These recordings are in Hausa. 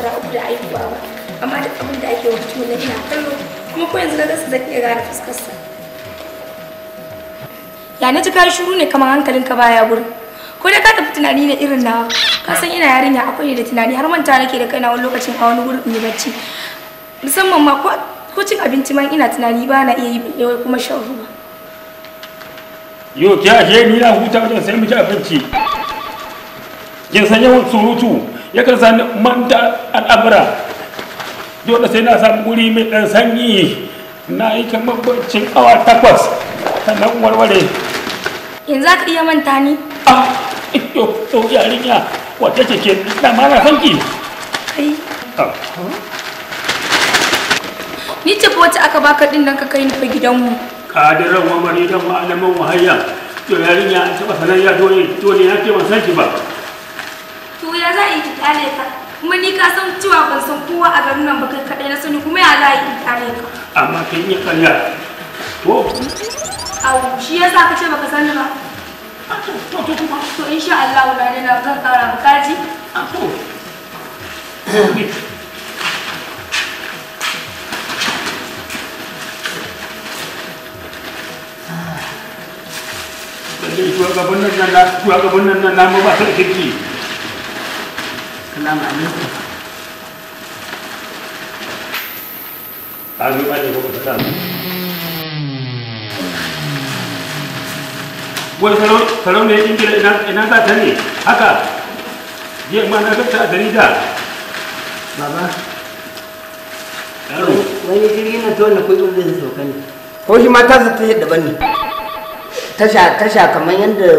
shekara uku da aihuwa ba amma duk abin da ake wa mutum na ina kallo kuma ko yanzu na gasa zan iya gane fuskarsa ya na ji ka shuru ne kamar hankalin ka baya gurin ko da ka tafi tunani ne irin nawa ka san ina yarinya akwai ne da tunani har manta nake da kaina wani lokacin a wani gurin yi bacci musamman ma ko cin abinci ma ina tunani ba na iya yi yau kuma shan ruwa yau ki ashe ni na huta wajen sai mu ci abinci kin san yawan surutu yakan sani manta al'amura dole sai na samu guri mai dan sanyi na yi kamar baccin awa takwas nan warware yanzu ka iya manta ni a ah, yau yarinya wata ce ke dama na sanki ah. ni ce aka baka din nan ka kai ni fa gidanmu kadiran wa maridan don alaman wahayya to yarinya an taba sanar ya dole ya ce ba to ya za a yi ki kyale ka kuma ni ka san cewa ban san kowa a garin nan ba kai kaɗai na sani kuma ya za a yi ki kyale ka amma kai yi kanya ko au shi ya sa ka ce baka sani ba ah, to insha Allah na ne na zan kara bukaci a ah, to shugabannin nan na shugabannin nan na ma ba da kirki Assalamu alaikum. Amin alaikum assalam. Wani salon da ya ingila ina za ta ne haka je ma na gabta a jarida. Baba. Yaro. Wani jirgin na tuwa na kudin zai sauka ne. Ko shi ma ta zata tasha tasha kamar yadda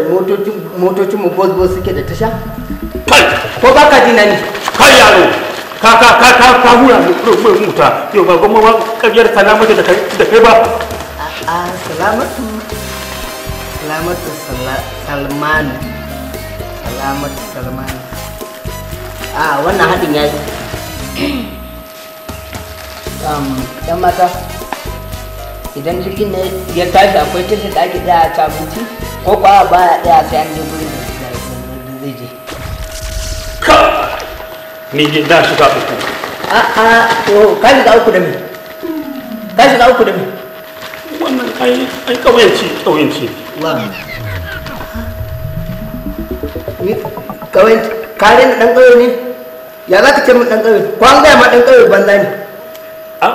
motocin mu bos bos suke da tasha kai ko ba ka jina ni kai yaro ka ka ka ka ka hura mu mu muta yo ba goma kariyar salamatu da kai da kai ba a salamatu salamatu salmanu salamatu salman a wannan hadin yayi um, dan mata idan jirgin ne ya tashi akwai tashi da ake tsaya a cabuti ko kwa ba ya tsaya sai an je gurin da zai je ka ni ji da su ka fito a a to ka shiga uku da me ka shiga uku da me wannan ai ai kauyanci kauyanci wa ni kauyanci kare ni dan kauyo ne ya za ka ce mu dan kauyo ko an gaya ma dan kauyo banza ne a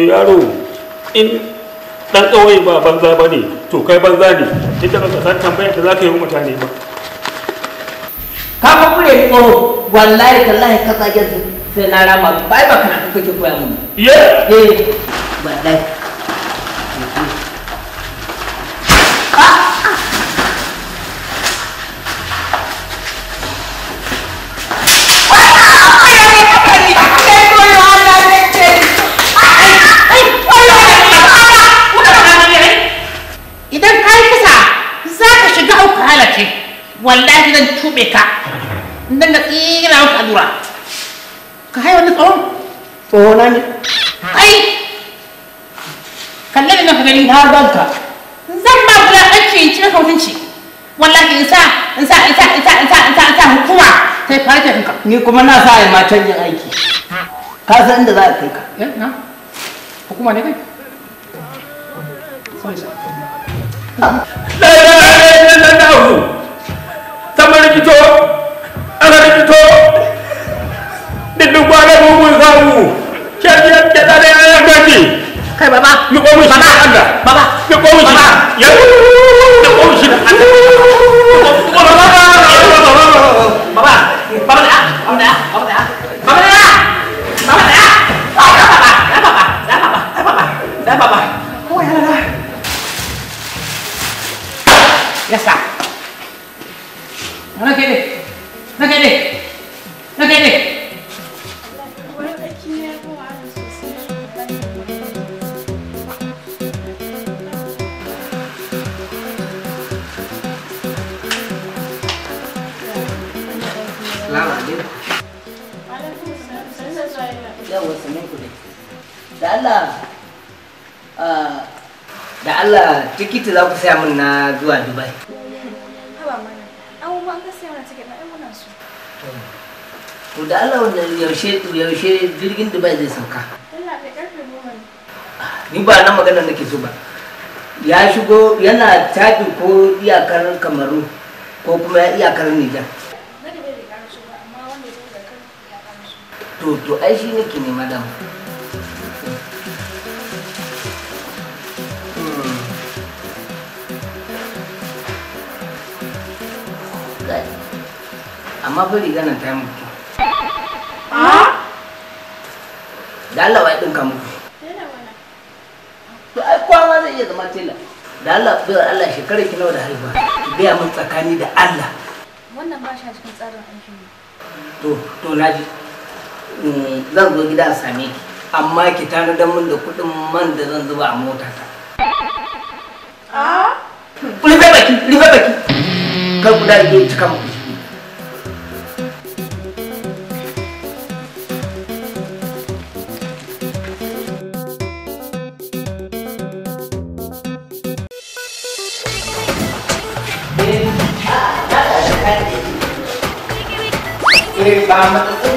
yaro in dan kawai ba banza ba ne to kai banza ne inda ba ka tambaya da za ka yi mutane ba ka fa kure ko wallahi tallahi ka zage sai na rama bai ba kana kake koya mun ye eh wallahi tura ka haiwa na tsawon tsoho na ne ai kalle na ka gani har ka zan ba wulaƙanci in cire kautunci wallahi in sa in sa in sa in sa in sa in sa in sa hukuma ta yi farce ɗinka ni kuma na sa yi matan yin aiki ka san inda za a kai ka hukuma ne kai Lai lai lai lai lai lai lai Tidung bala bubu zangu. Cakap cakap ada yang gaji. Hai bapa, lu kau mesti anda. Bapa, lu kau mesti. Ya, lu kau mesti anda. Bapa, bapa, bapa, bapa dah, bapa dah, bapa dah, bapa dah, bapa dah. Dah bapa, dah bapa, dah bapa, dah bapa, dah bapa. Oh ya lah. Yes sir. tikiti za ku saya min na zuwa dubai haba mana abubuwan ka saya mana tiket na ai muna so to da Allah wannan yaushe yaushe jirgin dubai zai sauka Allah bai karfe goma ni ba nan magana nake so ba ya shigo yana tafi ko iyakar kamaru ko kuma iyakar nijar to to ai shi nake ne madam amma fa riga nan ta yi mutu da Allah wai ɗinka mutu. to ai kowa ma zai iya zama tela da Allah bi Allah shekarar ki nawa da haihuwa Biya mun tsakani da Allah wannan ba shi cikin tsarin aikin to to naji mm, zan zo gida a same ki amma ki tanadar min da kuɗin man da zan zuba a mota ta rufe baki rufe baki kar ku da ke cika muku Baka matutun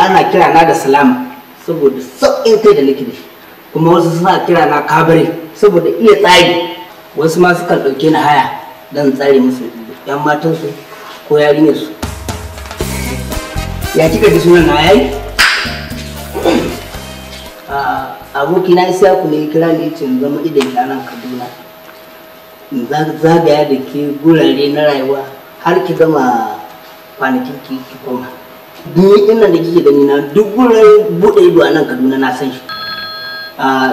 ana kira na da salama saboda sauƙin kai da nake da kuma wasu suna kira na kabare saboda iya tsari wasu ma kan ɗauke ni haya don tsari musu yan matansu ko yarinyarsu ya kika ji sunan na yayi aboki na isa ku ne kira ne cin zama idan ki kaduna zagaya da ke gurare na rayuwa har ki zama kwanakin ki koma ni din nan da kike gani na duk gurin bude ido a nan Kaduna na san shi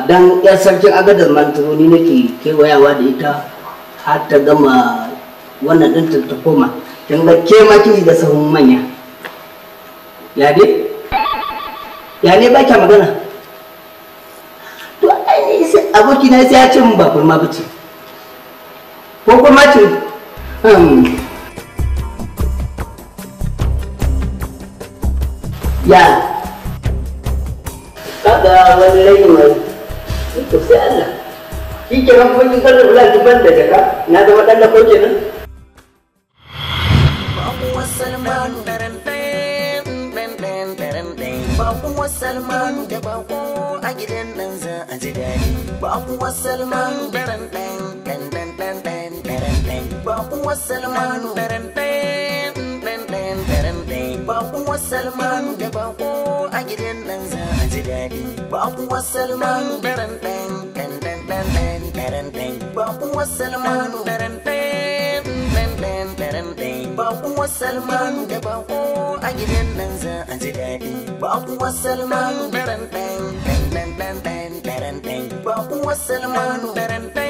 dan yar sarkin agadar mantaro ni nake kewayawa da ita har ta gama wannan din ta ta koma kin ga ke ma kiji da sahun manya ya dai ya ne baki magana to ai sai aboki na sai ya ce mun ba kurma bace ko kuma ce hmm. ya kaga wani mai to sai Allah shi ke ban kuma kin kalla daga na zama dan lafo kenan Bakuwa Salmanu da a gidan ɗan za ji daɗi Bakuwa Salmanu dan dan bakuwar salmanu da bako a gidan nan za a ji daɗi bakuwar salmanu daren ɗan ɗan ɗan ɗan ɗan daren ɗan bakuwar salmanu daren ɗan ɗan ɗan daren ɗan bakuwar salmanu da bako a gidan nan za a ji daɗi bakuwar salmanu daren ɗan ɗan ɗan ɗan ɗan daren ɗan bakuwar salmanu daren ɗan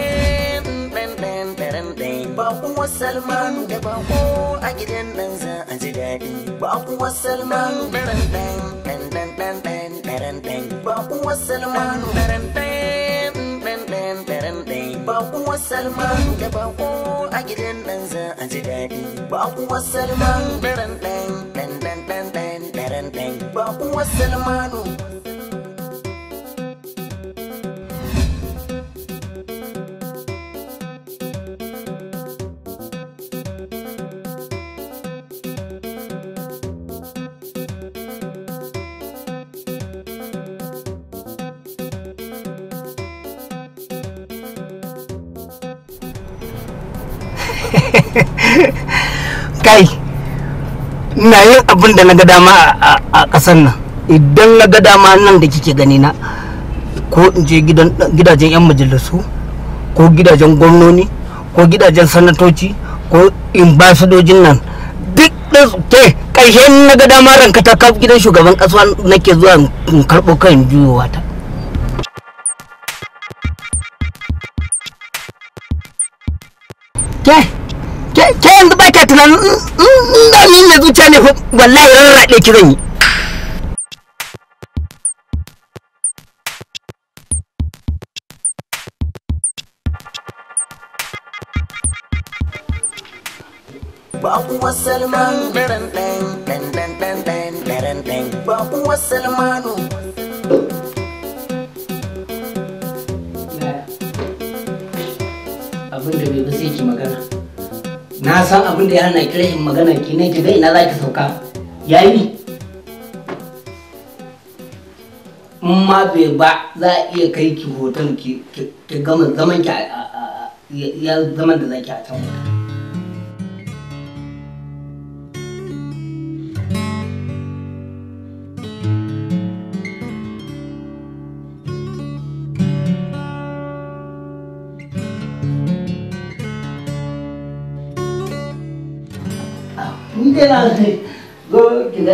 Bakuwar Salmanu da bako a gidan nan za a ji daɗi. Bakuwar Salmanu da ɗan ɗan ɗan ɗan ɗan ɗan ɗan Bakuwar Salmanu da ɗan ɗan ɗan ɗan ɗan ɗan Bakuwar Salmanu da bako a gidan nan za a ji daɗi. Bakuwar Salmanu da ɗan ɗan ɗan ɗan ɗan ɗan ɗan Bakuwar Salmanu. kai na yin abin da na ga dama a kasar nan idan na ga dama nan da kike gani na ko in je gidajen 'yan majalisu ko gidajen gwamnoni ko gidajen sanatoci ko imbasadojin nan duk da su ke ƙarshe na ga dama ranka ta kaf gidan shugaban ƙasa nake zuwa in karɓo kan juyowa ta Yeah. tunanin in mm, da mm, mm, ni mai zuciya ne wallahi rarraɗe ki zan yi Bakuwa Salmanu daren ɗan ɗan ɗan ɗan ɗan daren ɗan Bakuwa Salmanu Abin da bai ba sai ki magana. na san abin da yana kira in magana ki ne ki zai ina za ki sauka yayi in ma bai ba za a iya kai ki hoton ki gama zaman ki ya zaman da zaki ki a can yana go ki ga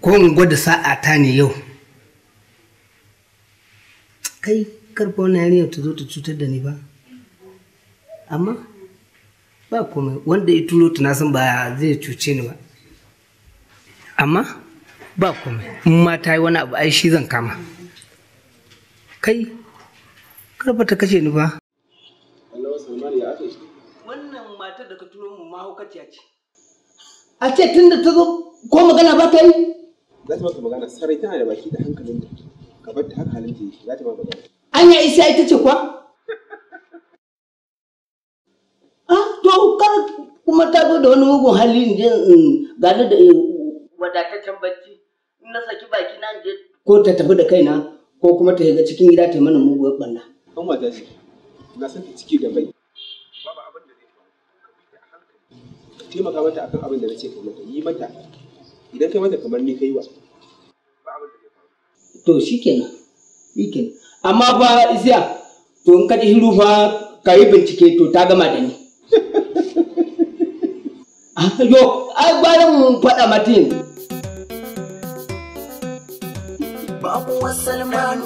ko in gwada sa'a ta ne yau kai karfa wannan yarinyar ta zo ta cutar da ni ba amma ba komai wanda ya turo ta san ba zai cuce ni ba amma ba komai in ma ta yi wani abu ai shi zan kama kai karfa ta kashe ni ba wannan matar da ka turo mu mahaukaciya ce a ce tun da ta zo ko magana ba ta yi za ta maka magana sarai tana da baki da hankalinta ka bar ta haka halinta yake za ta maka magana anya isa ita ce kuwa ah to ka kuma ta zo da wani mugun hali in je in gane da wadataccen bacci in na saki baki na je ko ta tafi da kaina ko kuma ta shiga cikin gida ta yi mana muguwar ɓanna. An wata ce, na san ta ciki da bai. Babu abin da zai faru, ka bi ta a hankali. Taimaka mata akan abin da na ce ka mata, yi mata idan kai da kamar ni kai wa to shi kenan amma fa isiya to in ka ji hiru fa ka yi bincike to ta gama da ni ah, yo ai gwanin faɗa matin yanzu babu wasu salmanu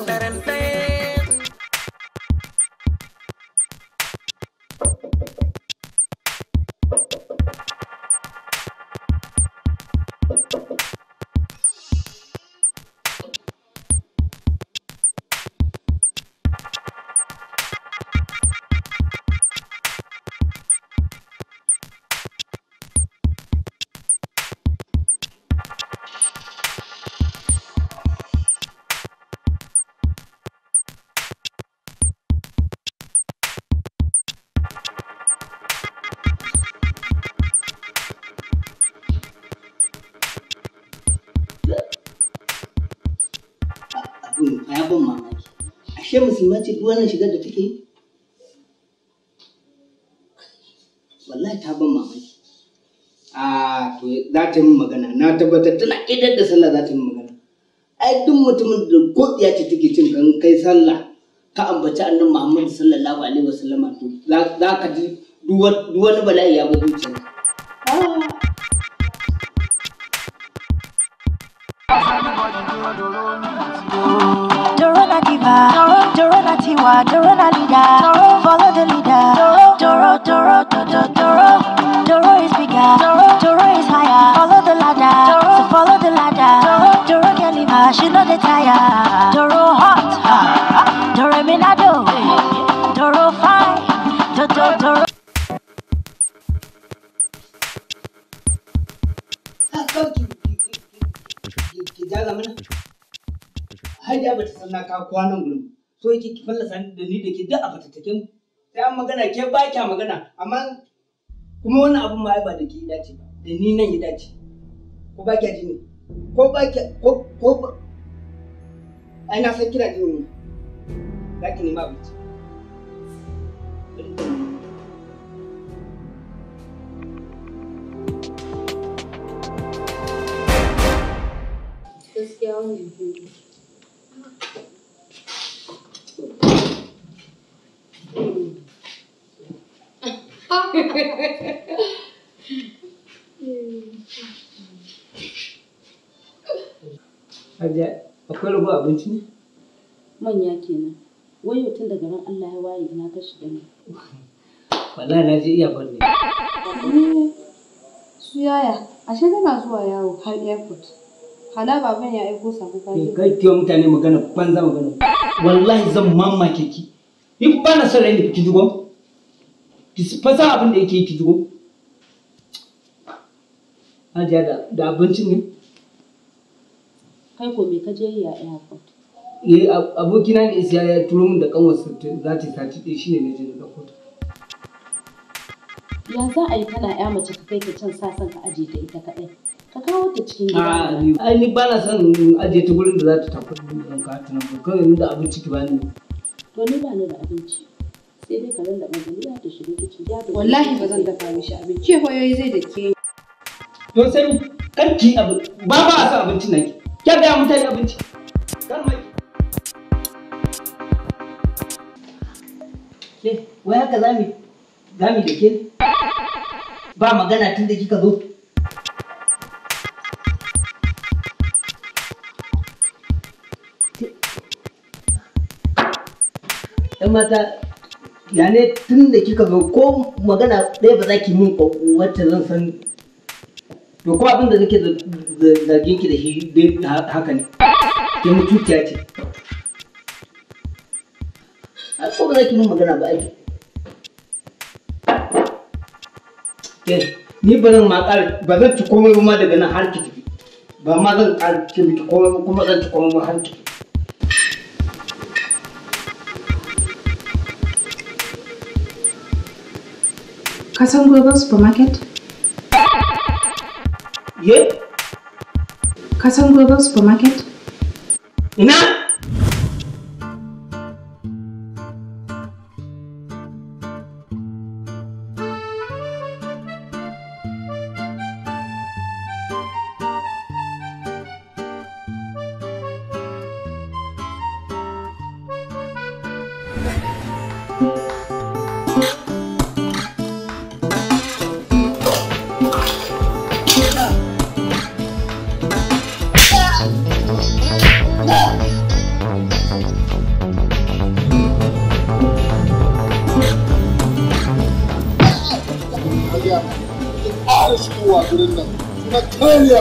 ke musulma ce duk wannan shigar da take wallahi ta ban mamaki a to za ta yi magana na tabbatar tana idar da sallah za ta yi magana ai duk mutumin da ko ya ce take cin kan kai sallah ka ambaci annabi Muhammad sallallahu alaihi wasallama to za ka ji duk wani bala'i ya bi zuciyarka oh, Dorona diva, Dorona tiwa, Dorona leader. Follow the leader. Doro, Doro, Doro, Doro. Doro is bigger. Doro Doro is higher. Follow the ladder. So follow the ladder. Doro Doro can leave her, she know the tire. Doro. Hajiya ba ta san na kawo kwanan gurin. So yake ki fallasa da ni da ke duk a fatattakin sai an magana ke ba kya magana amma kuma wannan abun ma ba da ke ya dace da ni nan ya dace. Ko ba kya ji ne? Ko ba kya ko ko ai na san kina ji ne. Za ki nema abinci. Gaskiya wannan Hajiya, akwai rabu abinci ne? Manya kenan. Wai tun daga ran Allah ya waye na ta shiga ne. Wallahi na ji iya ban ne. Eh, su yaya, ashe tana zuwa yawo har airport. Hala baban ya aiko sako kaji. Kai kiyo mutane magana banza magana. Wallahi zan mamake ki. in ba na son rai da ki jigo ki fasa abin da yake yi ki jigo Hajiya da abincin ne? Kai ko me kaje yi a airport? Eh abokina ne siya ya turo min da kanwar za ta sati ɗaya shine na je na ɗauko ta. Ya za a yi kana ya mace ka kai ka can sa son ka ajiye ta ita kaɗai. Ka kawo ta cikin gida. Ah, ai ni ba na son ajiye ta gurin da za ta tafi da ka ta nan ba kawai da abinci ki bani. Wani ba ni da abinci sai dai ka lallaba jamila ta shiga ciki, ya ta wallahi ba zan dafa mishi abinci hoyoyi zai da ke to sai karki abin ba ba a sa abincin nan ki kya ga mutane abinci kar mai ke wai haka zami zami da ke ba magana tun da kika zo mata ya ne tun da kika zo ko magana ɗaya ba za ki min wacce zan san to ko abin da nake zargin ki da shi dai haka ne ke mutuciya ce a ko ba za ki min magana ba aiki ke ni ba zan ma ƙara ba zan ci komai ma daga nan har ki tafi ba ma zan ƙara ki ba komai kuma zan ci komai har ki tafi Kasan san Global Supermarket? Global Supermarket?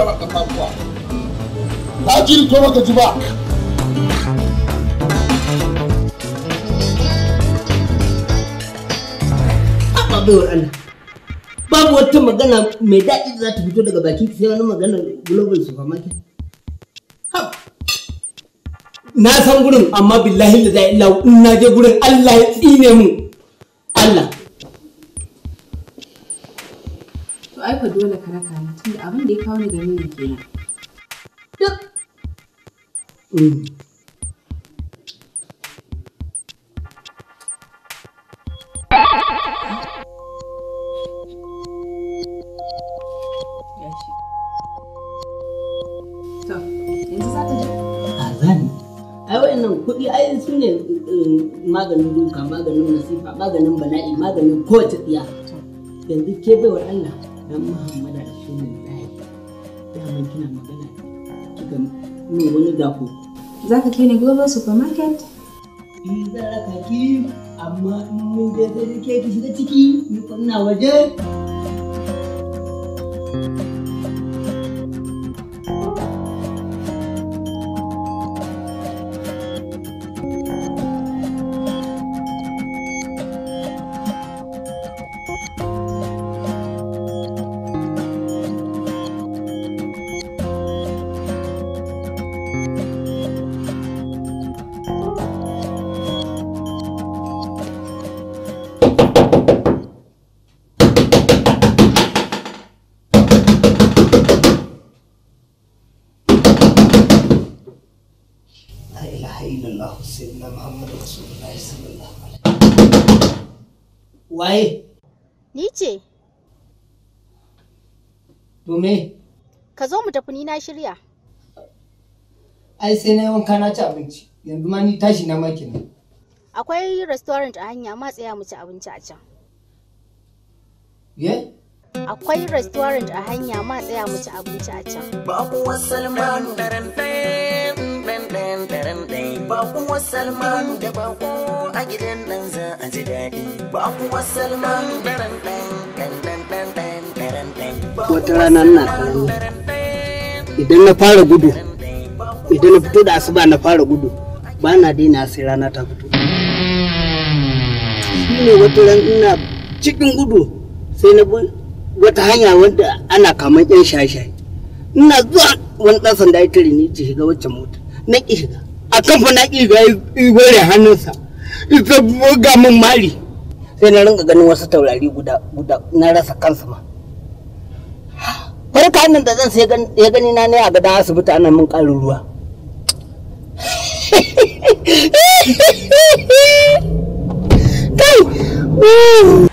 yara ji ba babu wata magana mai daɗi za ta fito daga bakin sai wani magana global supermarket na san gurin amma billahi da zai illa in na je gurin Allah ya tsine mu Allah To ai dole ka raka ni tunda abin da ya kawo ni gare ni kenan. Duk. kuɗi ai su eh, maganin duka maganin nasifa maganin bana'i maganin kowace tsiya yanzu ke baiwar Allah dan muhammad rasulullahi daman kina magana kika ne wani dako. za ka kai ni global supermarket ni zan raka ki amma in mun je sai ke ki shiga ciki ni kunna waje thank you ne. Ka zo mu tafi ni na shirya. Ai sai na wanka na ci abinci, yanzu ma ni tashi na maki ne. Akwai restaurant a hanya ma tsaya mu ci abinci a can. Ye? Akwai restaurant a hanya ma tsaya mu ci abinci a can. Babu Salmanu. Bakuwar Salmanu da bako a gidan nan za a ji daɗi. Bakuwar Salmanu. wata rana na karami idan na fara gudu idan na fito da asuba na fara gudu ba na daina sai rana ta fito shine wata ran ina cikin gudu sai na wata hanya wanda ana kamar yan shashai ina zuwa wani ɗan sanda ya tare ni ci shiga wacce mota na ki shiga a kan fa na ki shiga gore hannunsa ita buga min mari sai na ringa ganin wasu taurari guda guda na rasa kansa ma wani nan da zan sai ya gani na ne a gada asibiti ana min ƙarin ruwa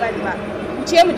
gani ba. Wuce mu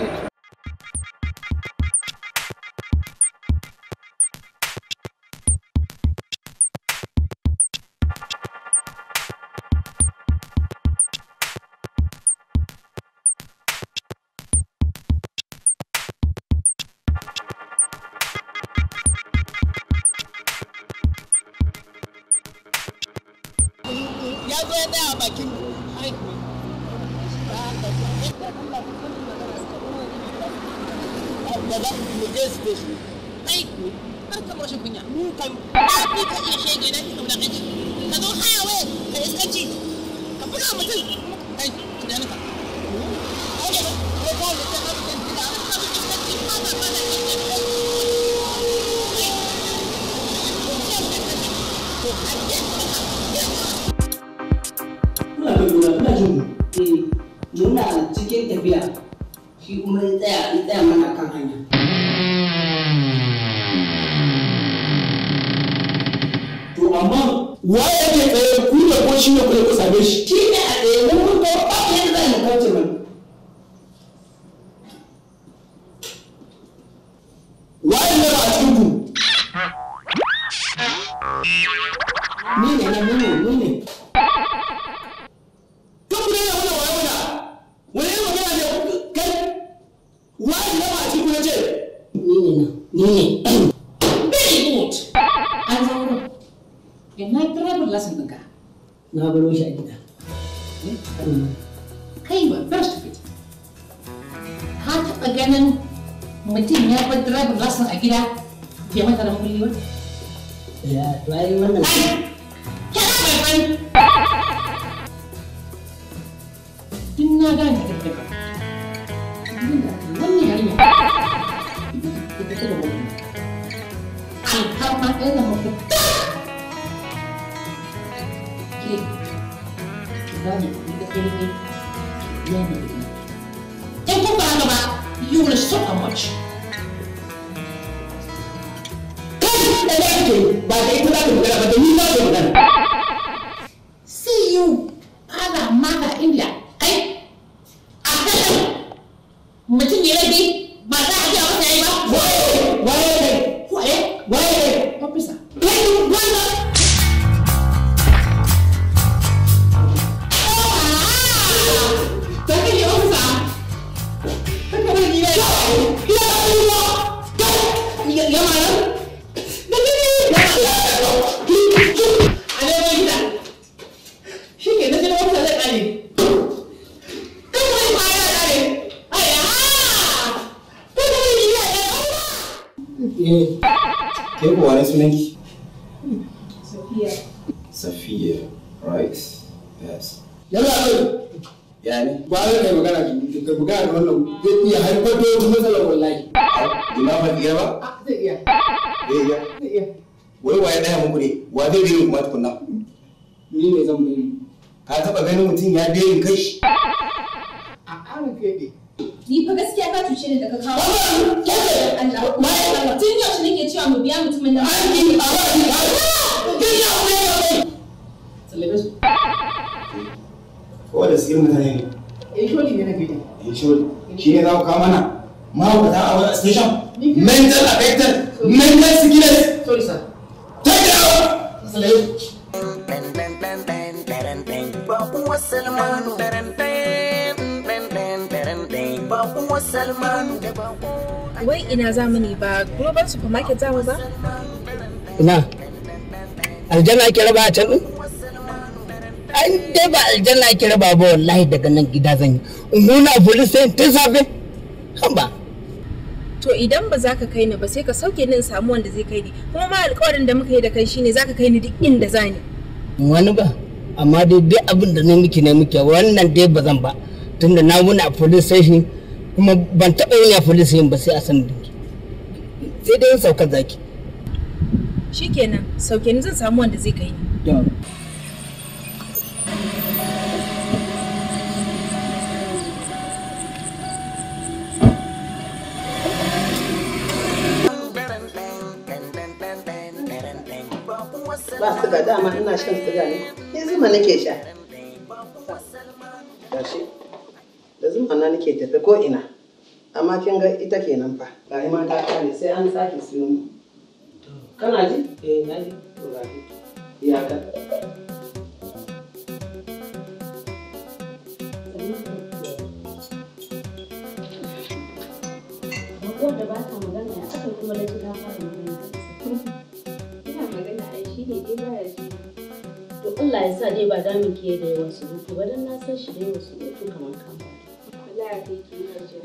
How much is the hook? Click. Run it. aljanna ake raba a can din an dai ba aljanna ake raba ba wallahi daga nan gida zan yi in nuna police sai tun safe ba to idan ba za ka kai ni ba sai ka sauke ni in samu wanda zai kai ni kuma ma alƙawarin da muka yi da kai shine za ka kai ni duk inda za ni wani ba amma dai duk abin da ne miki ne miki wannan dai ba zan ba tunda na wuni a police station kuma ban taɓa yin a police station ba sai a san dinki sai dai in sauka zaki shikenan sauke ni zan samu wanda zai kai ni ba su ga dama ina shan siga ne ni zuma nake sha gashi da zuma na nake tafi ko ina amma kin ga ita kenan fa ga ma ta kare sai an sake siyo mu kana ji eh na ji ga ji ya ka da ba ta magana ya aka kuma na ji ta magana ina magana ai shi ne ba ya ji to Allah ya sa dai ba mu ke da yawan surutu ba dan na san shi da yawan surutu kamar kama. Allah ya kai ki da jini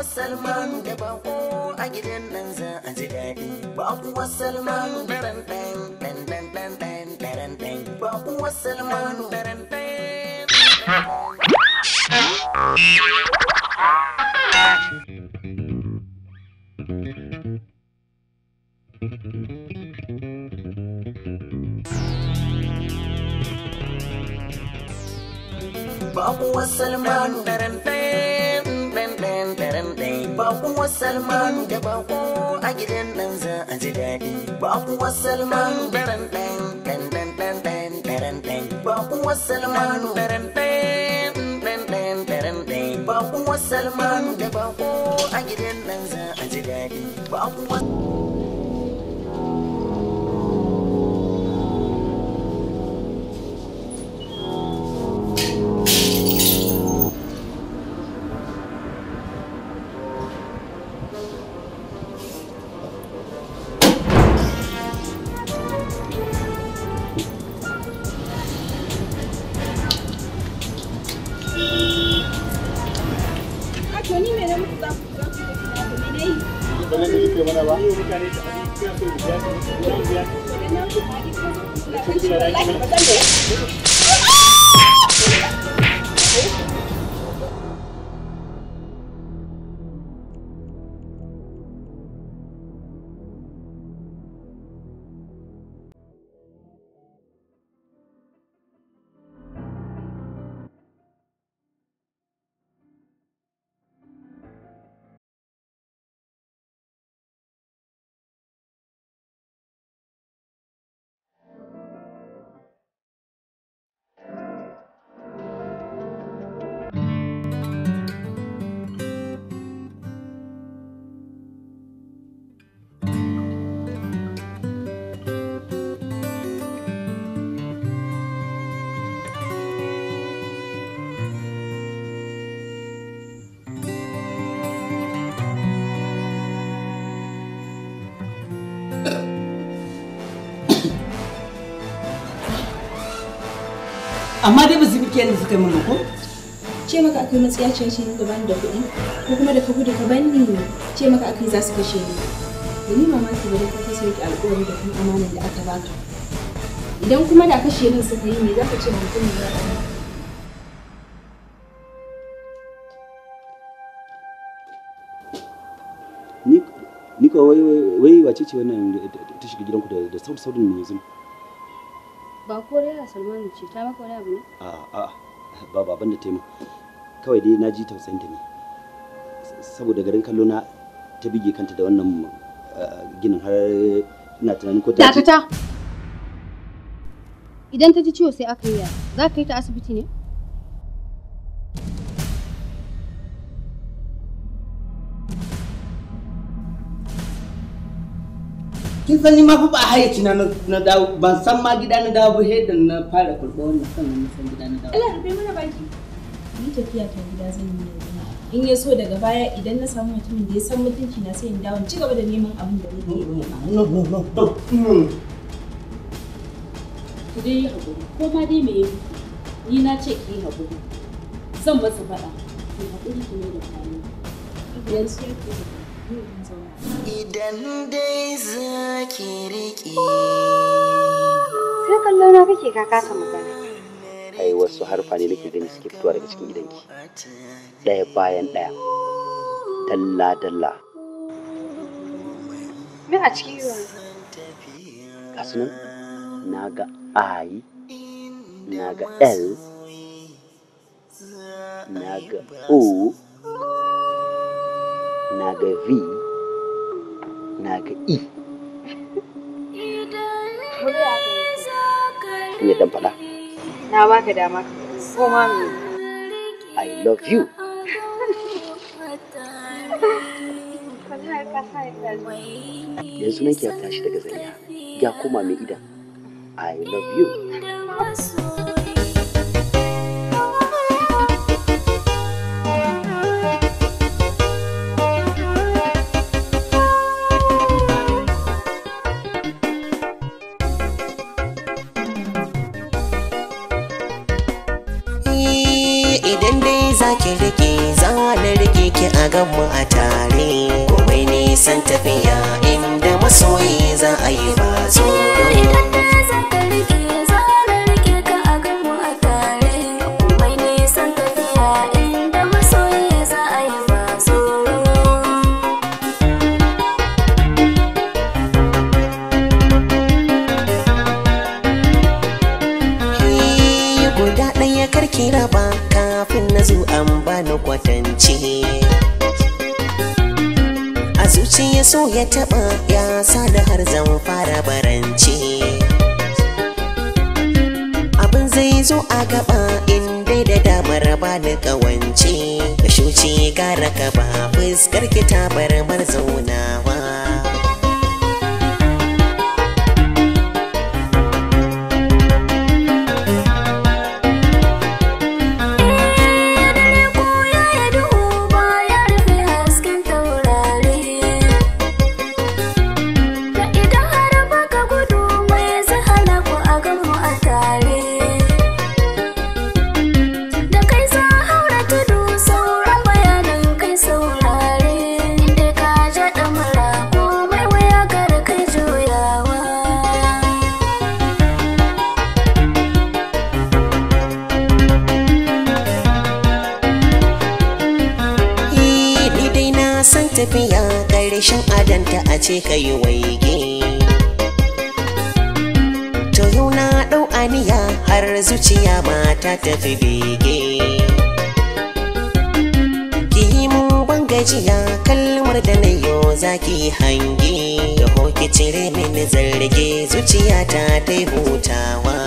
kuwa salmanu da bako a gidan nan za a ji daɗi ba kuwa salmanu da ɗan ɗan ɗan ɗan ɗan ɗan ɗan ɗan ba kuwa salmanu da ɗan ɗan Babu bakuwar salmanu da bako a gidan nan za a ji daɗi bakuwar salmanu daren ɗan ɗan ɗan ɗan ɗan ɗan ɗan bakuwar salmanu daren ɗan ɗan ɗan ɗan ɗan bakuwar salmanu da bako a gidan nan za a ji daɗi bakuwar ba zai yi kai mana ba Thank you. amma dai ba zubi ke yanzu kai mun ko ce maka akai ce ni bani da kuɗi ko kuma da ka gudu ka banni ce maka akai za su kashe ni da ni mamaki ki bari ka kasa yake alƙawari da kuma amanar da aka baka idan kuma da kashe ni suka yi me za ka ce mutumin ya ni ko wai wai wace ce wannan ta shiga gidanku da saurin saurin ne yanzu ba ko rera salmanu ce ta maka wani abu ne a a ba ba banda taimako kawai dai na ji tausayin ta ne saboda garin kallo na ta bige kanta da wannan eh, ginin har ina tunanin ko ta dakata idan ta ji ciwo sai aka yi za ka yi ta asibiti ne kin san ni ma fa ba hayyaci na na dawo ban san ma gida na dawo ba da na fara kurɓa wannan san na san gida na dawo Allah rufe mana baki ni tafiya ta gida zan yi in ya so daga baya idan na samu mutumin da ya san mutunci na sai in dawo ci gaba da neman abin da nake mm, mm, mm, nema ku dai yi haƙuri ko ma dai me ni na ce ki yi zan masa faɗa ki haƙuri ki ne da kayan yanzu ki ke idan dai zaki riƙe sai kallo na kake ka kasa magana ai wasu harfa ne nake gani suke fitowa daga cikin gidanki ɗaya bayan ɗaya dalla dalla me a ciki kasunan na ga i na ga l na ga o na ga v na ga i ya dan faɗa na baka dama ko ma i love you yanzu nan nake ya tashi daga zanya ya koma mai idan i love you gama a gotta get time. but tafiya ƙarshen adanta a ce ka waige to yau na ɗau aniya har zuciya ma ta tafi bege ki yi ban kalmar da na yau za ki hange yaho ki cire mini zarge zuciya ta ta hutawa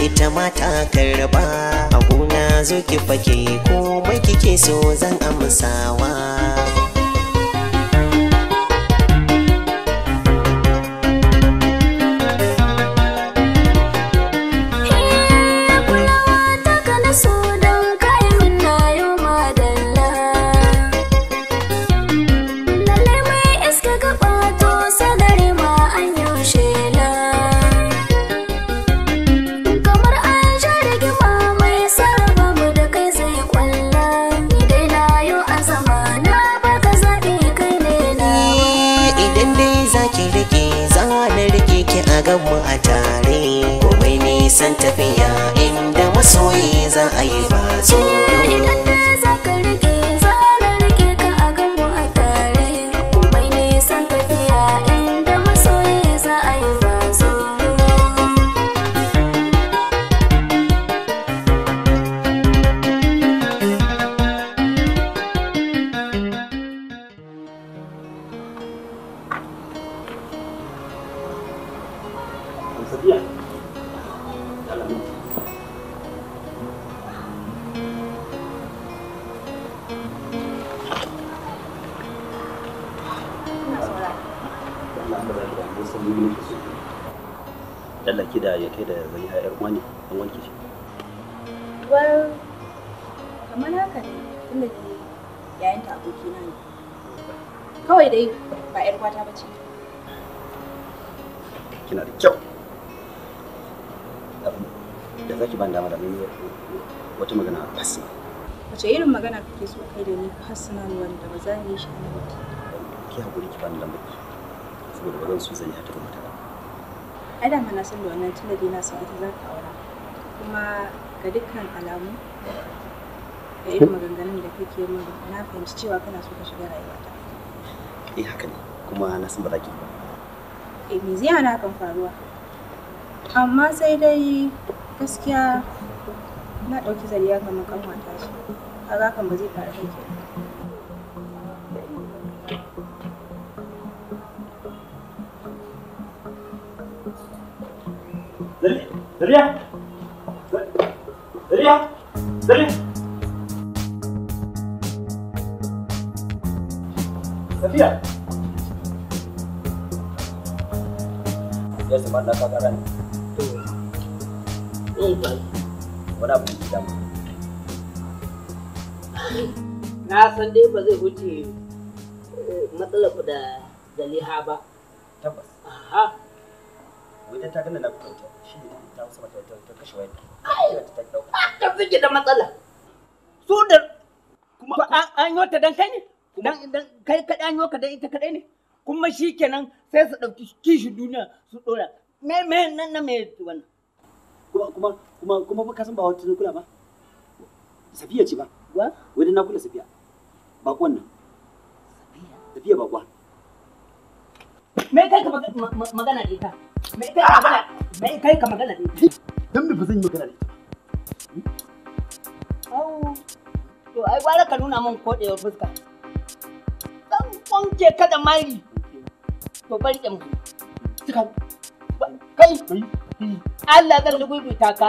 ita ma ta karba a gona zo ki fake komai kike so zan amsawa ita aura kuma ga dukkan alamu da irin maganganun da kake min na fahimci cewa kana so ka shiga rayuwata eh haka ne kuma na san ba za ba eh me zai hana kan faruwa amma sai dai gaskiya na ɗauki zariya kamar kan mata shi kaga kan ba zai faru ba Dariya! Dariya! Dariya! Safiya! Ya na Na san dai ba zai wuce eh, matsalar da Zaliha ba. Tabbas. Aha. ta gana na kuma kuma shi kenan sai su ɗauki kishi duniya su ɗora me nan na me wannan kuma kuma kuma kuma ba kasan ba wata ba safiya ce ba wa wani na kula safiya bakon nan safiya bakwa me kai ka magana da ita me kai ka magana ka magana don me ba zan yi magana da ita au to ai gwara ka nuna min kodewar fuska dan kwance ka da mari to bari mu. kai kai Allah zan lugubuta ka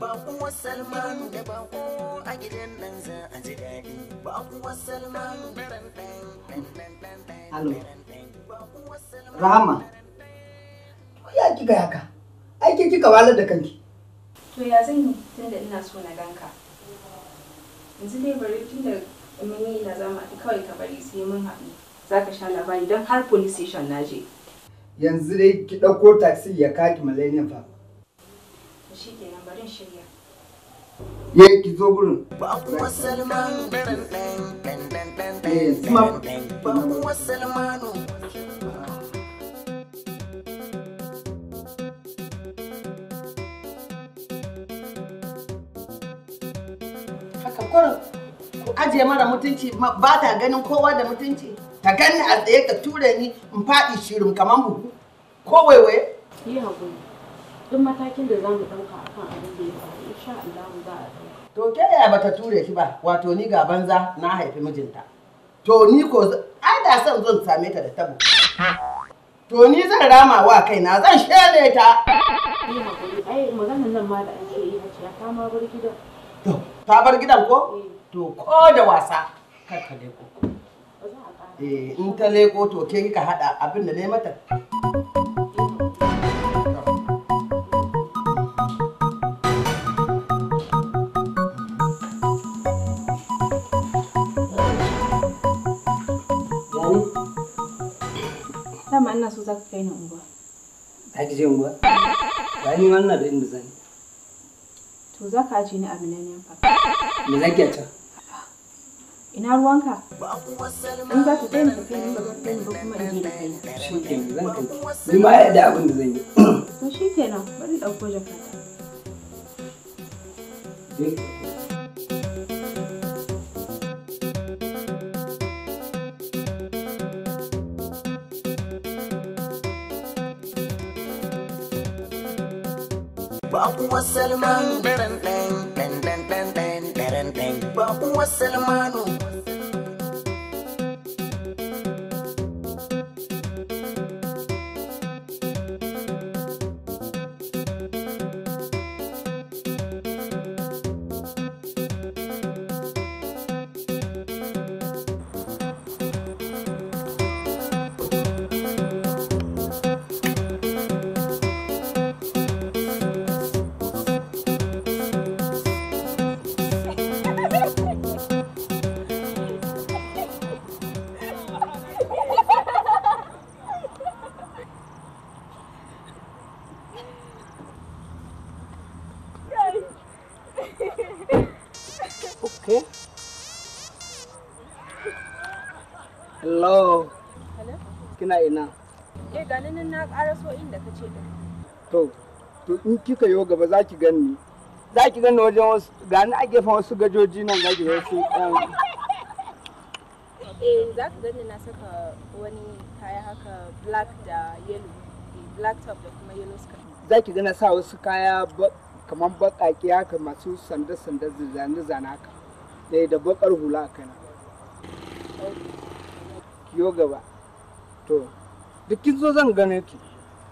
Bakuwar Salmanu da baku a gidan nan za a ji daɗi. Bakuwar Salmanu da ran Rahama, ya kika yaka, ke kika walar da kanki. To ya zan yi tun da ina so na ganka. Yanzu dai bari tun da mun yi na zama kawai ka bari sai mun haɗu. Za ka sha labari don har police station na je. Yanzu dai ki ɗauko taxi ya kaki Millennium fa. shikenan ye ki zo gurin eh, haka kurin ajiye mara mutunci ba ta ganin kowa da mutunci ta gani a tsaye ka ture ni in faɗi shirin kamar buhu ko waiwaye yi duk matakin da za mu ɗauka a kan abin da ya faru insha Allah za a ɗauka. To ke yaya bata ture shi ba wato ni ga banza na haifi mijinta. To ni ko ai da son zan same ta da tabo. To ni zan rama wa kaina zan shele ta. Ni hakuri ai maganar nan ma da an ce yi hace ya kama bar gidan. To ta bar gidan ko? Eh. To ko da wasa kar ka leko. Eh in ta leko to ke ka haɗa abin da na mata. Abu? Dama so za ka kai ni unguwa. Za ki je unguwa? Ba ni wannan da inda zan. To za ka aje ni a Millennium Park. Me za ki a Ina ruwanka? In za ka kai ni ka kai ni ba za ba kuma in je da kai. Shi zan kai. Ni ma ya da abin da zan yi. To shi kenan bari ɗauko jakata. Thank you. Wa salmanu dan dan salmanu kika yo gaba za ki ganni za ki ganni wajen wasu ga ni a gefen wasu gajoji nan za ga gidan su um, eh za ka ganni na saka wani kaya haka black da yellow eh, black top da kuma yellow skirt za ki gana sa wasu kaya kamar baƙaƙe haka masu sanda-sanda zane-zane haka eh, da da bakar hula haka na yo gaba to duk kin zo zan gane ki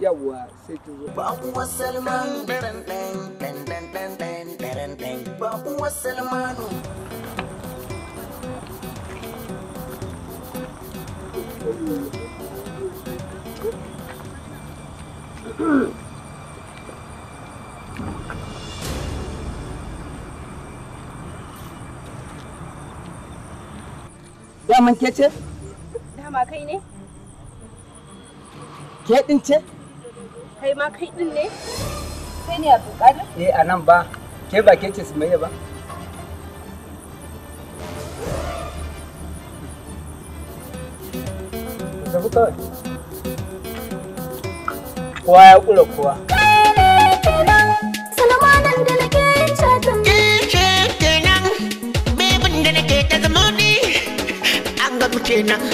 yawwa sai ba uwa salmanu dan dan dan dan dan dan ba salmanu Daman ke ce? Dama kai ne? Ke ɗin ce? kai ma kai din ne kai ne abdulkadir eh a nan ba ke ba ke ce sumayya ba tafi kawai kowa ya kula kowa Salamanan da kenan bebin da nake ta zama ni an kenan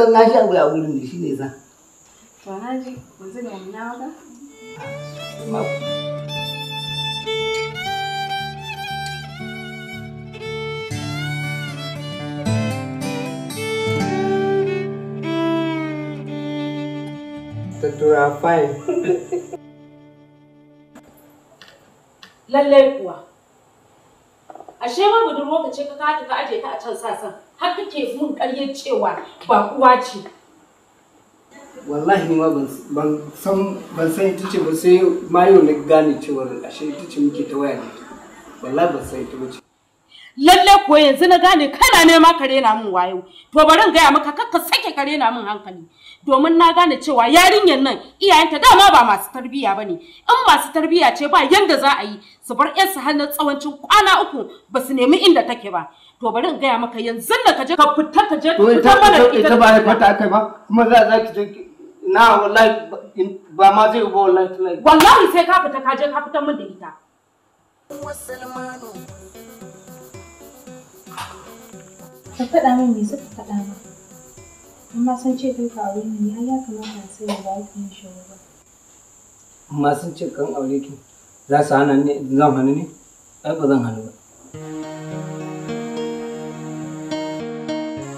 san na a wuya wurin ne shine sa ba Tattura Lallai kuwa. Ashe ma budurwarka ce ka kaji ka aje ta a can sasan. har kake mun cewa ba ce wallahi ban san ban ce ba sai ma na gane cewa ashe ita ce muke ta waya ne wallahi ban san ita ba ce ko yanzu na gane kana nema ka rena min wayo to bari gaya maka kakka sake kare na min hankali domin na gane cewa yarinyar nan iyayenta dama ba masu tarbiyya ba ne. in masu tarbiyya ce ba yanda za a yi su bar yarsu har na tsawancin kwana uku ba su nemi inda take ba to bari in gaya maka yanzu da ka je ka fita ka je ka fita mana ita ba ya ta kai ba kuma za za ki je na wallahi ba ma zai ba wallahi like wallahi sai ka fita ka je ka fita min da ita ka faɗa min me suka faɗa ma amma sun ce kai ka aure ni ya kamata sai ya ba ki shi ba amma sun ce kan aure ki za su hana ni zan hana ni ai ba zan hana ba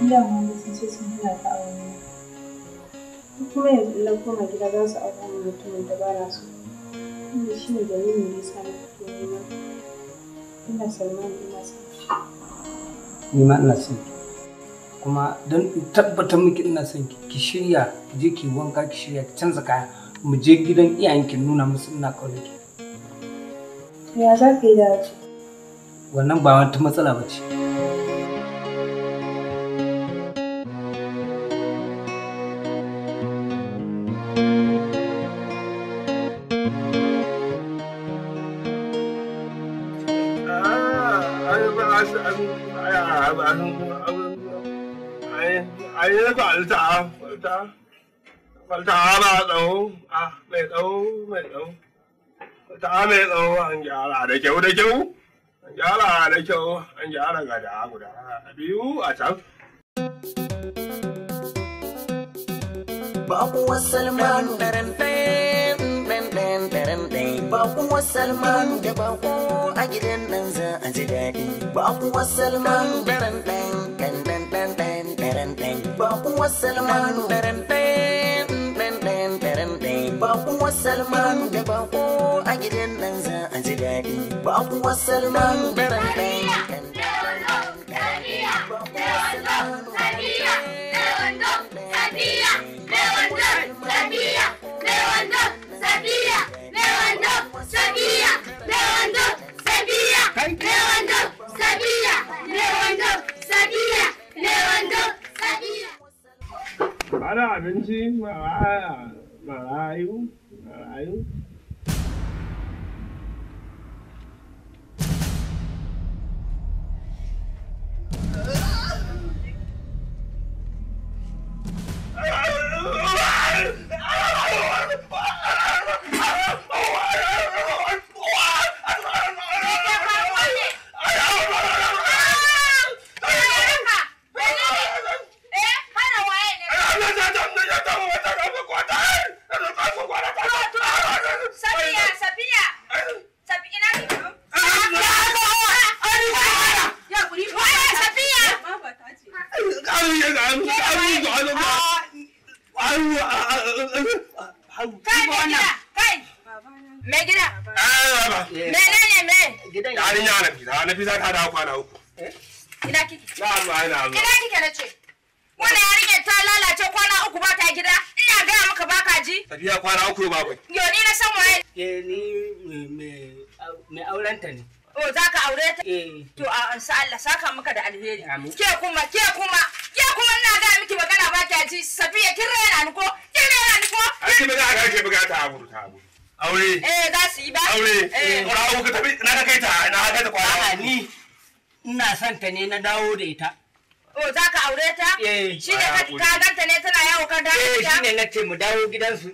Iyawan da sun ce sun hana ta aure. Kuma yanzu in koma gida za su aure ni mutumin da ba na so. Wannan shi ne da da ya sa na fito neman ina salmani ina son shi. Ni ma ina son ki. Kuma don tabbatar miki ina son ki shirya je ki wanka ki shirya ki canza kaya mu je gidan iyayenki nuna musu ina ƙaunar ki. Ya za ka yi da wace? Wannan ba wata matsala ba ce. ta Bạn trả là đâu À mẹ đâu mẹ đâu Trả mẹ đâu Anh già là để chịu để chú Anh già là để chịu, Anh già là gà trả của đã Biếu à sao Babu Salman Daran Pen Ben Ben Daran Ben Babu Salman Da Babu a gidan nan za a ji daɗi Babu Salman Bakuwa Salmanu Bakuwa Salmanu da bako a gidan nan za a ji daɗi Bakuwa Salmanu Sabia! Lewandowski! Sabia! Lewandowski! Ana abinci marayu, marayu. Ah! Me gida. Menene me? Gidan yarinya na fita, na fita ta dawo kwana uku. Gida eh? kike. Na zuwa na zuwa. Gida kike na ce. Wannan yarinyar ta lalace kwana uku ba ta gida. Ina gaya maka ba ka ji. Tafiya kwana uku ba kai. Yo ni na san waye. Eh ni me aurenta ne. o oh, za ka aure ta? Eh. To a Allah saka maka da alheri. Ke kuma ke kuma magana ba ta ji safiya kin rena ni ko kira rena ni ko a kin da aka ke buga ta abu ta abu aure eh za su yi ba aure eh ora abu ka na ka kai ta na ka ta kwana a ni ina son ta ne na dawo da ita O oh, za ka aure ta? Eh. Shi ne ka ganta ne tana yawo kan dawo da eh, ita? Shi ne na ce mu dawo gidansu.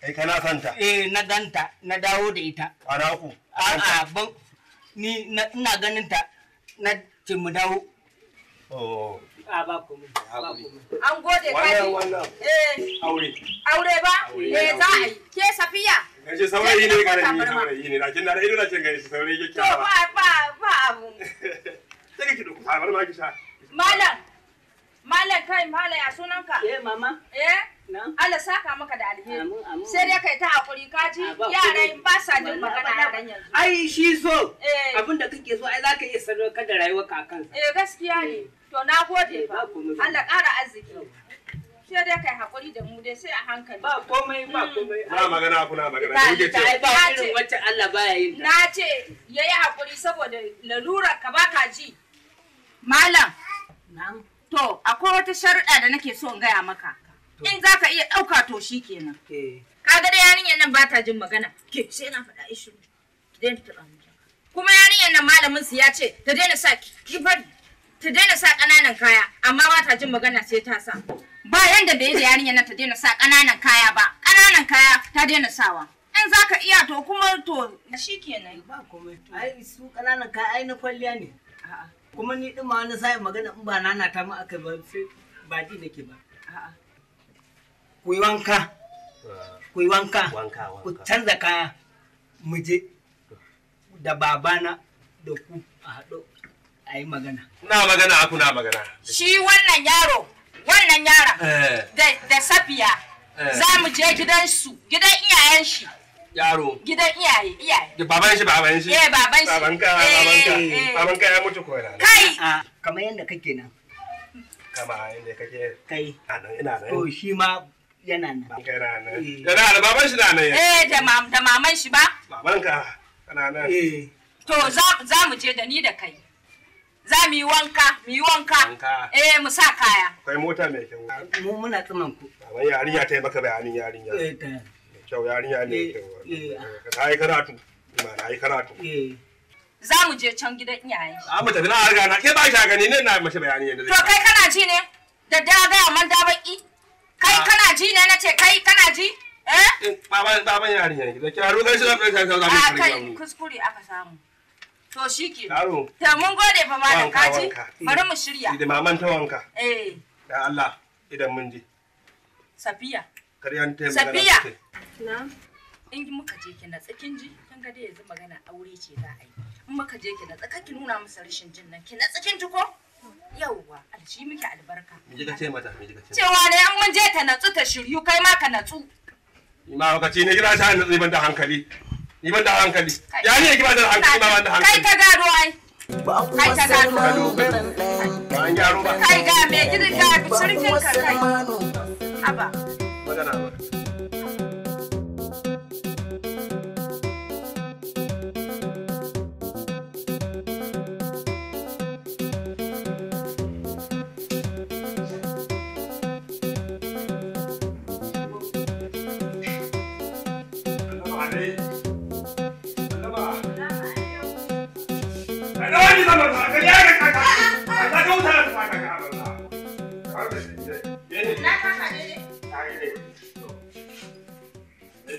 Kai kana son ta? Eh na ganta na dawo da ita. Kwana uku. A'a ban ni ina ganin ta na ce mu dawo. Oh. A ah, ba komai. An gode kai. Wannan eh. Aure. Aure ba? Me eh, za a yi? Ke Safiya? Kace saurayi ne karami saurayi ne. Lakin na da ido na cin gani saurayi yake. To ba ba ba abu. Sai ki duku. A bar ma ki sha. Malam. Malam kai malam ya sunanka? Eh mama. Eh? Allah saka maka da alheri. Sai dai kai ta hakuri ka ji ah, yaran ba sa jin magana yaran yanzu. Ai shi so. Eh. Abin da kake so ai za ka iya sadaukar da rayuwarka a kansa. Eh gaskiya ne. To na gode eh, ba, Allah ƙara arziki. Sai dai kai haƙuri da mu dai sai a hankali. Ba komai ba hmm. komai. Ba magana na magana. ke ce ba irin wacce Allah baya yin Na ce yayi haƙuri saboda lalura ka baka ji. Malam. Na'am. To akwai wata sharuɗa da nake so in gaya maka. In za ka iya ɗauka to shi kenan. Eh. Kaga da yarinyar nan ba ta jin magana. Ke sai na faɗa ishi. Kuma yarinyar nan malamin su ya ce ta daina sa ki bari. ta daina sa ƙananan kaya amma ba ta jin magana sai ta sa ba yanda da da yarinyar na ta daina sa ƙananan kaya ba ƙananan kaya ta daina sawa in za ka iya to kuma to shikenan ba komai ai su ƙananan kaya ai na kwalliya ne kuma ni din ma wani sai magana in ba nana ta mu aka ba ba ji nake ba ku yi wanka ku yi wanka ku canza kaya mu je da babana da ku a haɗu a yi magana. Na magana aku na magana. Shi wannan yaro, wannan yara. Eh. da safiya eh. za mu je gidan su, gidan iyayen shi. Yaro. Gidan iyaye, iyaye. baban shi baban shi. Eh baban shi. Baban ka, baban ka. Eh, baban ka ya mutu ko yana. Kai. Kamar yadda kake nan. Kama yadda kake. Kai. Ina nan. To shi ma yana nan. Yana nan. Yana nan baban shi na nan. Eh da maman shi ba. Baban ka. Kana nan. Eh. To za mu je da ni da kai. za mu yi wanka mu yi wanka eh mu sa kaya akwai mota mai kyau mu muna tsaman ku wai yarinya ta yi maka bayanin yarinya eh ta kyau yarinya ne eh, eh, ah. ta yi karatu ba na yi karatu eh. za mu je can gidan iyaye a mu tafi na harga na ke ba shi gani ne na mace bayanin yadda to kai kana ji ne da ga man da baki kai ah. kana ji ne nace kai kana ji eh baban baban yarinya ne da kira ruwan shi na fara sai mu kuskure aka samu To shi ke. Yaro. Ta mun gode fa malam kaji. Bari mu shirya. Idan maman ta wanka. Eh. Da Allah idan mun je. Safiya. Karyan ta Safiya. Na. In muka je ki na, tsakin ji kin ga dai yanzu magana aure ce za a yi. In muka je ki tsaka ki nuna masa rashin jin nan ki na tsakin ji ko? Yawwa, alshi miki albarka. Me ka ce mata? Me ka ce? Cewa ne an mun je ta natsu ta shiryu kai ma ka natsu. Ni lokaci ne gida ta natsu ban da hankali. Ni ban da hankali. Ya ne ki da hankali ba hankali. Kai ka gado ai. Kai ka gado. Ba an gyaro ba. Kai ga me gidan ga sarkin ka kai. Aba. Magana ba.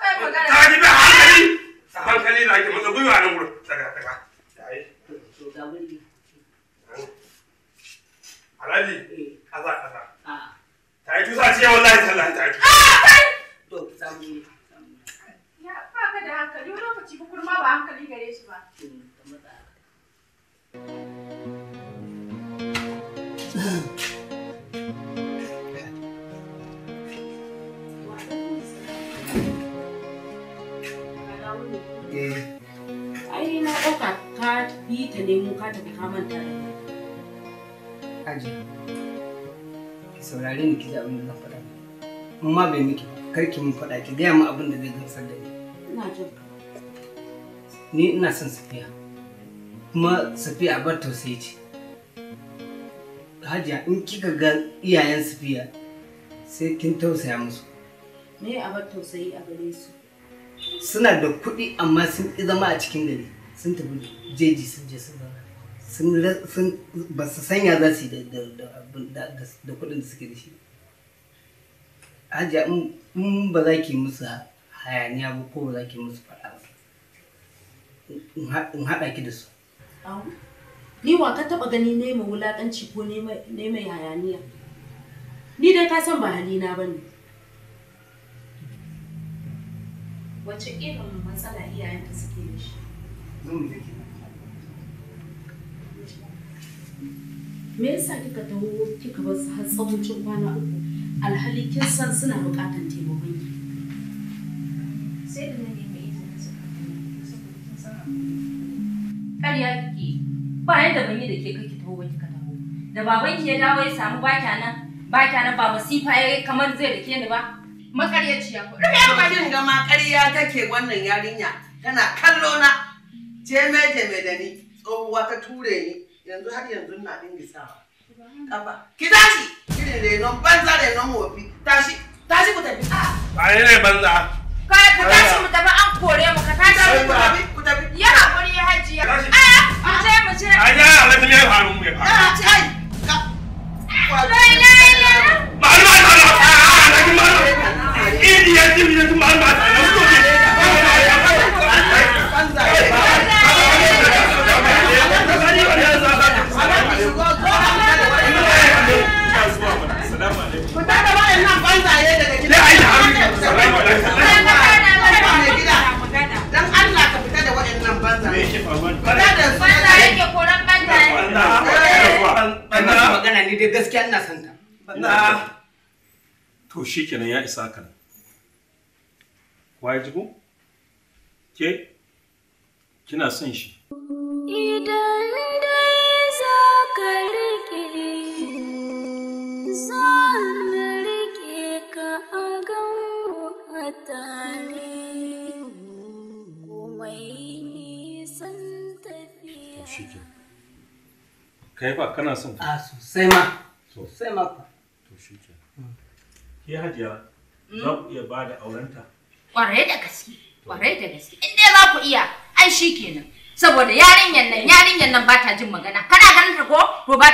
ta ji da hankali a hankali gwiwa nan daga daga alhaji kaza kaza ta yi tusa ce wallahi tallahi ta yi tusa wani lokaci ba ba hankali gare shi ba Thank you. ka yi ta nemo ka tafi ka manta da ni. Aji, ki saurare ni ki ji abin da zan faɗa miki. In ma bai miki kar ki mun faɗa ki gaya min abin da zai gamsar da ni. Ina jin Ni ina son Safiya. Kuma Safiya bar tausayi ce. Hajiya in kika ga iyayen Safiya sai kin tausaya musu. Me a bar tausayi a gare su? Suna da kuɗi amma sun ƙi zama a cikin gari. sun tafi jeji sun je sun zama sun ba su sanya za su yi da kuɗin da suke da shi hajiya in ba za ki musu hayaniya ba ko ba za ki musu faɗa ba in haɗa ki da su ni wa ka taɓa gani nema wulaƙanci ko nema hayaniya ni dai ka san ba halina ba ne wace irin matsala iyayenka suke da shi me yasa kika taho kika bar su har tsawon cin kwana uku alhali kin san suna buƙatar taimakon ki sai da nake mai izinin su saboda kin san ƙarya kike ba yadda ban yi da ke kake taho wani kika taho da ki ya dawo ya samu ba nan ba nan ba masifa ya kamar zai rike ni ba makaryaciya ko rufe ba jin gama ƙarya take wannan yarinya tana kallo na jeme jeme da ni tsohuwa ta ture ni yanzu har yanzu na kafa ki tashi renon banza renon wofi tashi tashi ku tafi ah! a ne banza kai ku tashi mu tafi an kore mu ka tashi ku tafi ku tafi ya hakuri ya a ah! mu je mu je a ya alabi ne faru mu ya faru a ce ah! ai lai lai lai ma'alma ta na a ni ya ji ni ya ji ma'alma Dan Allah ka fita da waɗannan banza. Banza da banza magana ni dai gaskiya son ta. ya isa kan. Waye jigo? Ke kina son shi. Idan dai za ka rike za na rike ka a gaba. kai ba kana son a sosai ma sosai ma fa to shi ke mm. ke hajiya mm. za ku iya ba da aurenta kwarai da gaske kwarai da gaske in dai za ku iya ai shi kenan saboda yarinyan nan yarinyan nan ba ta jin magana kana ganin ta ko to ba